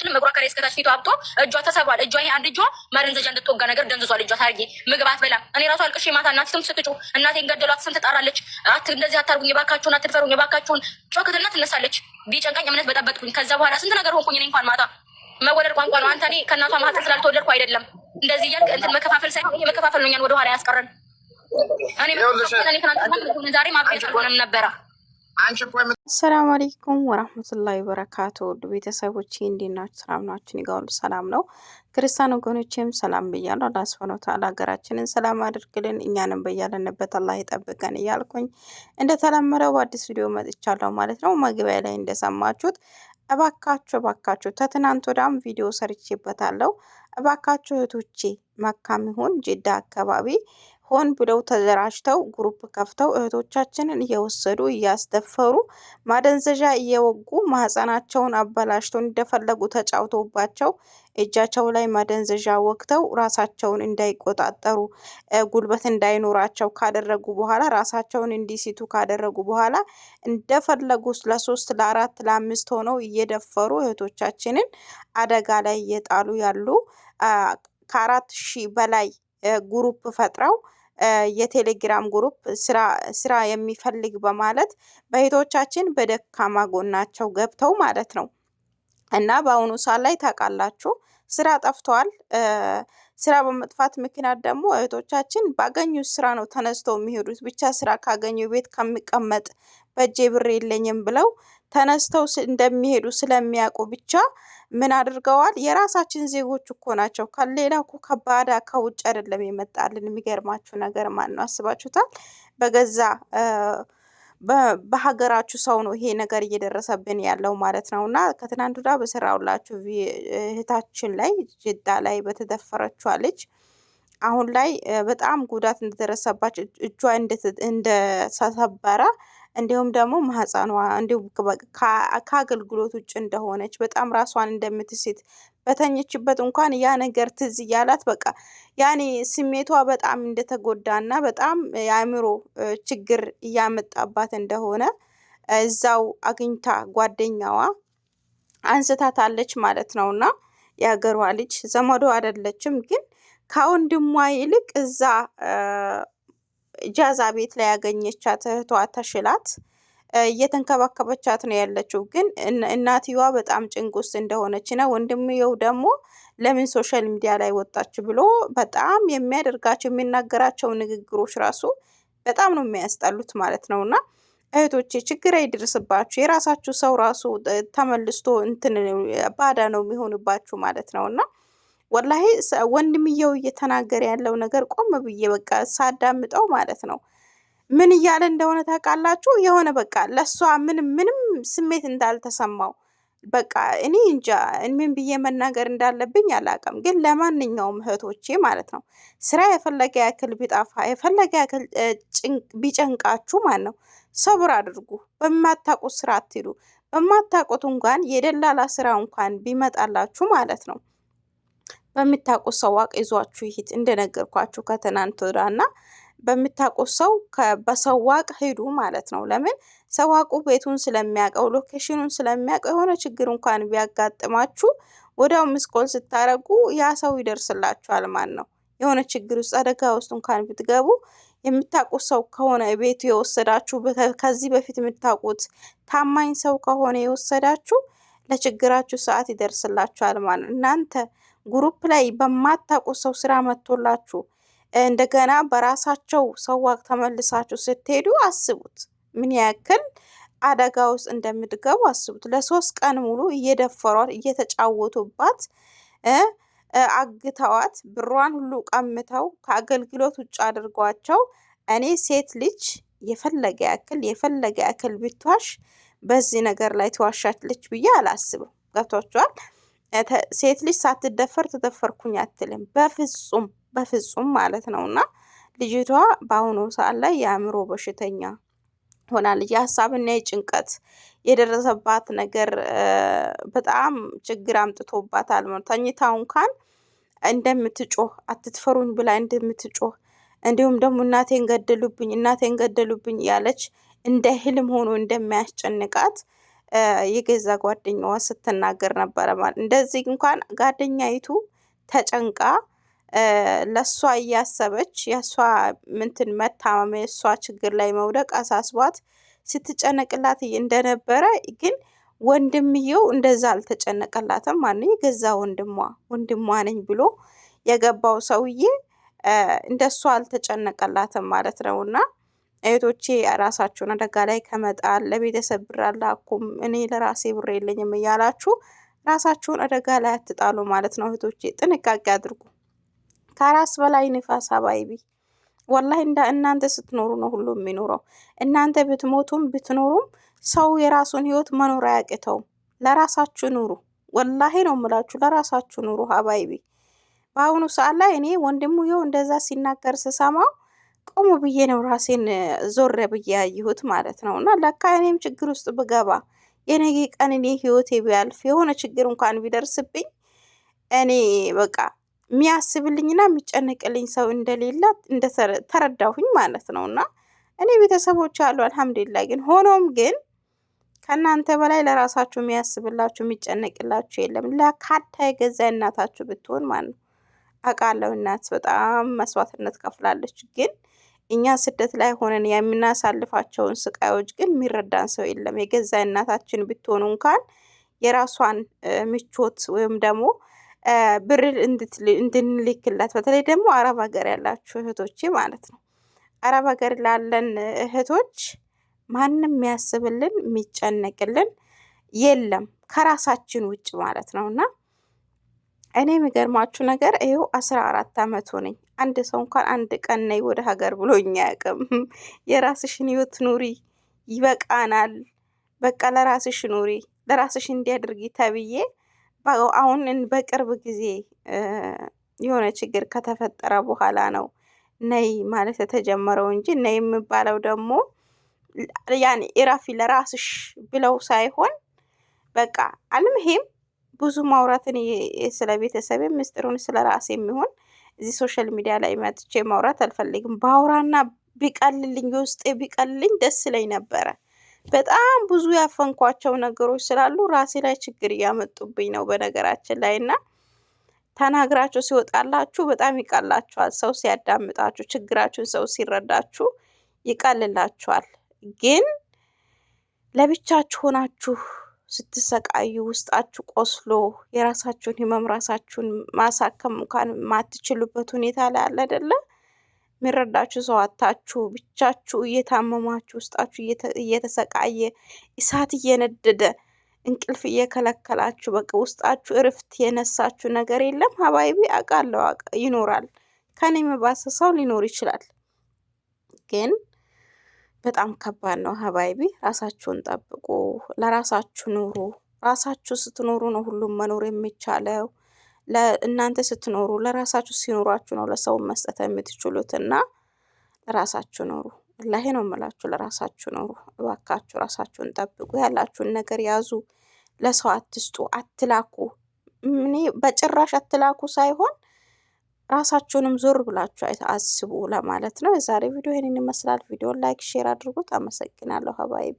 ችልም እግሯ ከሬ እስከታች ፊቷ አብጦ እጇ ተሰብሯል። እጇ ይሄ አንድ እጇ ማደንዘዣ እንድትወጋ ነገር ደንዝዟል። እጇ ታርጊ ምግብ አትበላም። እኔ ራሱ አልቅሽ ማታ እናት ስም ስትጩ እናቴን ገደሏት ስም ትጣራለች። እንደዚህ አታርጉኝ፣ የባካችሁን አትድፈሩኝ፣ የባካችሁን ጮክትና ትነሳለች። ቢጨንቀኝ እምነት በጠበጥኩኝ። ከዛ በኋላ ስንት ነገር ሆንኩኝ። እኔ እንኳን ማታ መወለድ ቋንቋ ነው። አንተ እኔ ከእናቷ ማህፀን ስላልተወለድኩ አይደለም እንደዚህ እያልክ እንትን መከፋፈል ሳይሆን ይሄ መከፋፈል ነው እኛን ወደኋላ ያስቀረን። እኔ ዛሬ ማብቀ ነበረ ሰላም አለይኩም ወራህመቱላሂ ወበረካቱ ቤተሰቦቼ እንዴት ናችሁ? ሰላም ናችሁ? እኔ ጋር ሁሉ ሰላም ነው። ክርስቲያን ወገኖቼም ሰላም ብያለሁ። አላህ ሱብሐነሁ ወተዓላ ሀገራችንን ሰላም አድርግልን፣ እኛንም በያለንበት አላህ ይጠብቀን እያልኩኝ እንደተለመደው በአዲስ ቪዲዮ መጥቻለሁ ማለት ነው። መግቢያ ላይ እንደሰማችሁት እባካችሁ እባካችሁ ተትናንት ወዳም ቪዲዮ ሰርቼበታለሁ። እባካችሁ እህቶቼ መካም ይሁን ጅዳ አካባቢ ሆን ብለው ተደራጅተው ግሩፕ ከፍተው እህቶቻችንን እየወሰዱ እያስደፈሩ ማደንዘዣ እየወጉ ማህፀናቸውን አበላሽተው እንደፈለጉ ተጫውተውባቸው እጃቸው ላይ ማደንዘዣ ወቅተው ራሳቸውን እንዳይቆጣጠሩ ጉልበት እንዳይኖራቸው ካደረጉ በኋላ ራሳቸውን እንዲሲቱ ካደረጉ በኋላ እንደፈለጉ ለሶስት ለአራት ለአምስት ሆነው እየደፈሩ እህቶቻችንን አደጋ ላይ እየጣሉ ያሉ ከአራት ሺህ በላይ ግሩፕ ፈጥረው የቴሌግራም ግሩፕ ስራ የሚፈልግ በማለት በእህቶቻችን በደካማ ጎናቸው ገብተው ማለት ነው። እና በአሁኑ ሰዓት ላይ ታውቃላችሁ ስራ ጠፍተዋል። ስራ በመጥፋት ምክንያት ደግሞ እህቶቻችን ባገኙት ስራ ነው ተነስተው የሚሄዱት። ብቻ ስራ ካገኙ ቤት ከሚቀመጥ በእጄ ብር የለኝም ብለው ተነስተው እንደሚሄዱ ስለሚያውቁ ብቻ ምን አድርገዋል? የራሳችን ዜጎች እኮ ናቸው። ከሌላ እኮ ከባዳ ከውጭ አይደለም የመጣልን። የሚገርማችሁ ነገር ማን ነው አስባችሁታል? በገዛ በሀገራችሁ ሰው ነው ይሄ ነገር እየደረሰብን ያለው ማለት ነው። እና ከትናንት ወዲያ በሰራሁላችሁ እህታችን ላይ ጅዳ ላይ በተደፈረችዋ ልጅ አሁን ላይ በጣም ጉዳት እንደደረሰባቸው እጇ እንደተሰበረ እንዲሁም ደግሞ ማህፀኗ እንዲሁም ከአገልግሎት ውጭ እንደሆነች በጣም ራሷን እንደምትሴት በተኘችበት እንኳን ያ ነገር ትዝ እያላት በቃ ያኔ ስሜቷ በጣም እንደተጎዳና በጣም የአእምሮ ችግር እያመጣባት እንደሆነ እዛው አግኝታ ጓደኛዋ አንስታታለች ማለት ነው። እና የሀገሯ ልጅ ዘመዶ አይደለችም፣ ግን ከወንድሟ ይልቅ እዛ ጃዛ ቤት ላይ ያገኘቻት እህቷ ተሽላት እየተንከባከበቻት ነው ያለችው። ግን እናትየዋ በጣም ጭንቅ ውስጥ እንደሆነች ነው። ወንድምየው ደግሞ ለምን ሶሻል ሚዲያ ላይ ወጣች ብሎ በጣም የሚያደርጋቸው የሚናገራቸው ንግግሮች ራሱ በጣም ነው የሚያስጠሉት ማለት ነው። እና እህቶቼ ችግር አይደርስባችሁ፣ የራሳችሁ ሰው ራሱ ተመልስቶ እንትን ባዳ ነው የሚሆንባችሁ ማለት ነው እና ወላሂ ወንድምየው እየተናገረ ያለው ነገር ቆም ብዬ በቃ ሳዳምጠው ማለት ነው ምን እያለ እንደሆነ ታውቃላችሁ? የሆነ በቃ ለእሷ ምንም ምንም ስሜት እንዳልተሰማው በቃ እኔ እንጃ ምን ብዬ መናገር እንዳለብኝ አላውቅም። ግን ለማንኛውም እህቶቼ ማለት ነው ስራ የፈለገ ያክል ቢጠፋ የፈለገ ያክል ቢጨንቃችሁ ማለት ነው ሰብር አድርጉ። በማታውቁት ስራ አትሂዱ። በማታውቁት እንኳን የደላላ ስራ እንኳን ቢመጣላችሁ ማለት ነው በምታውቁት ሰው ዋቅ ይዟችሁ ይሂድ። እንደነገርኳችሁ ከትናንት ወዲያ እና በምታውቁት ሰው በሰው ዋቅ ሂዱ ማለት ነው። ለምን ሰዋቁ ቤቱን ስለሚያውቀው ሎኬሽኑን ስለሚያውቀው የሆነ ችግር እንኳን ቢያጋጥማችሁ ወዲያው ምስኮል ስታረጉ ያ ሰው ይደርስላችኋል ማለት ነው። የሆነ ችግር ውስጥ አደጋ ውስጥ እንኳን ብትገቡ የምታውቁት ሰው ከሆነ ቤቱ የወሰዳችሁ ከዚህ በፊት የምታውቁት ታማኝ ሰው ከሆነ የወሰዳችሁ ለችግራችሁ ሰዓት ይደርስላችኋል ማለት እናንተ ግሩፕ ላይ በማታውቁ ሰው ስራ መጥቶላችሁ እንደገና በራሳቸው ሰው ተመልሳችሁ ስትሄዱ አስቡት፣ ምን ያክል አደጋ ውስጥ እንደምትገቡ አስቡት። ለሶስት ቀን ሙሉ እየደፈሯት እየተጫወቱባት አግተዋት ብሯን ሁሉ ቀምተው ከአገልግሎት ውጭ አድርጓቸው። እኔ ሴት ልጅ የፈለገ ያክል የፈለገ ያክል ብትዋሽ በዚህ ነገር ላይ ትዋሻለች ብዬ አላስብም። ገብቷችኋል? ሴት ልጅ ሳትደፈር ተደፈርኩኝ አትልም። በፍጹም በፍጹም ማለት ነው። እና ልጅቷ በአሁኑ ሰዓት ላይ የአእምሮ በሽተኛ ሆናለች። የሀሳብና የጭንቀት የደረሰባት ነገር በጣም ችግር አምጥቶባታል። ተኝታው እንኳን እንደምትጮህ አትትፈሩኝ ብላ እንደምትጮህ እንዲሁም ደግሞ እናቴን ገደሉብኝ እናቴን ገደሉብኝ እያለች እንደ ህልም ሆኖ እንደሚያስጨንቃት የገዛ ጓደኛዋ ስትናገር ነበረ። ማለት እንደዚህ እንኳን ጓደኛይቱ ተጨንቃ ለእሷ እያሰበች የእሷ ምንትን መታመም የእሷ ችግር ላይ መውደቅ አሳስቧት ስትጨነቅላት እንደነበረ ግን ወንድምየው እንደዛ አልተጨነቀላትም። ማነው የገዛ ወንድሟ ወንድሟ ነኝ ብሎ የገባው ሰውዬ እንደሷ አልተጨነቀላትም ማለት ነው እና እህቶቼ ራሳቸውን አደጋ ላይ ከመጣል ለቤተሰብ ብር አላኩም እኔ ለራሴ ብር የለኝም እያላችሁ ራሳችሁን አደጋ ላይ አትጣሉ ማለት ነው። እህቶቼ ጥንቃቄ አድርጉ። ከራስ በላይ ንፋስ አባይቢ ወላይ እንደ እናንተ ስትኖሩ ነው ሁሉ የሚኖረው። እናንተ ብትሞቱም ብትኖሩም ሰው የራሱን ህይወት መኖር አያቅተውም። ለራሳችሁ ኑሩ። ወላሂ ነው የምላችሁ፣ ለራሳችሁ ኑሩ ወላሄ ነው ምላችሁ ለራሳችሁ ኑሩ ሀባይቢ በአሁኑ ሰዓት ላይ እኔ ወንድሙ ይኸው እንደዛ ሲናገር ስሰማው ቆሙ ብዬ ነው ራሴን ዞረ ብዬ ያየሁት ማለት ነው። እና ለካ እኔም ችግር ውስጥ ብገባ የነገ ቀን እኔ ህይወቴ ቢያልፍ የሆነ ችግር እንኳን ቢደርስብኝ እኔ በቃ የሚያስብልኝና የሚጨነቅልኝ ሰው እንደሌለ እንደተረዳሁኝ ማለት ነው። እና እኔ ቤተሰቦች አሉ አልሐምዱላ። ግን ሆኖም ግን ከእናንተ በላይ ለራሳችሁ የሚያስብላችሁ የሚጨነቅላችሁ የለም። ለካታ የገዛ እናታችሁ ብትሆን ማለት ነው አውቃለሁ። እናት በጣም መስዋዕትነት ከፍላለች። ግን እኛ ስደት ላይ ሆነን የምናሳልፋቸውን ስቃዮች ግን የሚረዳን ሰው የለም። የገዛ እናታችን ብትሆኑ እንኳን የራሷን ምቾት ወይም ደግሞ ብር እንድንልክላት በተለይ ደግሞ አረብ ሀገር ያላችሁ እህቶቼ ማለት ነው። አረብ ሀገር ላለን እህቶች ማንም የሚያስብልን የሚጨነቅልን የለም ከራሳችን ውጭ ማለት ነው እና እኔ የሚገርማችሁ ነገር ይኸው አስራ አራት ዓመት ሆነኝ። አንድ ሰው እንኳን አንድ ቀን ነይ ወደ ሀገር ብሎኝ አያውቅም። የራስሽን ህይወት ኑሪ፣ ይበቃናል፣ በቃ ለራስሽ ኑሪ፣ ለራስሽ እንዲያድርጊ ተብዬ አሁን በቅርብ ጊዜ የሆነ ችግር ከተፈጠረ በኋላ ነው ነይ ማለት የተጀመረው እንጂ ነይ የሚባለው ደግሞ ያኔ ኢራፊ ለራስሽ ብለው ሳይሆን በቃ አልምሄም ብዙ ማውራትን ስለ ቤተሰብ ምስጢሩን ስለ ራሴ የሚሆን እዚህ ሶሻል ሚዲያ ላይ መጥቼ ማውራት አልፈልግም። ባውራና ቢቀልልኝ ውስጤ ቢቀልልኝ ደስ ይለኝ ነበረ። በጣም ብዙ ያፈንኳቸው ነገሮች ስላሉ ራሴ ላይ ችግር እያመጡብኝ ነው በነገራችን ላይ እና ተናግራችሁ ሲወጣላችሁ በጣም ይቀላችኋል። ሰው ሲያዳምጣችሁ፣ ችግራችሁን ሰው ሲረዳችሁ ይቀልላችኋል። ግን ለብቻችሁ ሆናችሁ ስትሰቃዩ ውስጣችሁ ቆስሎ የራሳችሁን ህመም ራሳችሁን ማሳከም እንኳን የማትችሉበት ሁኔታ ላይ አለ አይደለ? የሚረዳችሁ ሰው አታችሁ ብቻችሁ እየታመማችሁ ውስጣችሁ እየተሰቃየ እሳት እየነደደ እንቅልፍ እየከለከላችሁ በቃ ውስጣችሁ እርፍት የነሳችሁ ነገር የለም። ሀባይቢ አቃለው ይኖራል። ከኔ የመባሰ ሰው ሊኖር ይችላል ግን በጣም ከባድ ነው። ሀባይቢ ራሳችሁን ጠብቁ፣ ለራሳችሁ ኑሩ። ራሳችሁ ስትኖሩ ነው ሁሉም መኖር የሚቻለው። እናንተ ስትኖሩ ለራሳችሁ ሲኖሯችሁ ነው ለሰው መስጠት የምትችሉት እና ለራሳችሁ ኑሩ። ላይ ነው የምላችሁ፣ ለራሳችሁ ኑሩ እባካችሁ። ራሳችሁን ጠብቁ፣ ያላችሁን ነገር ያዙ፣ ለሰው አትስጡ፣ አትላኩ። እኔ በጭራሽ አትላኩ ሳይሆን ራሳችሁንም ዞር ብላችሁ አስቡ ለማለት ነው። የዛሬ ቪዲዮ ይህንን ይመስላል። ቪዲዮን ላይክ፣ ሼር አድርጉት። አመሰግናለሁ ሀባይቢ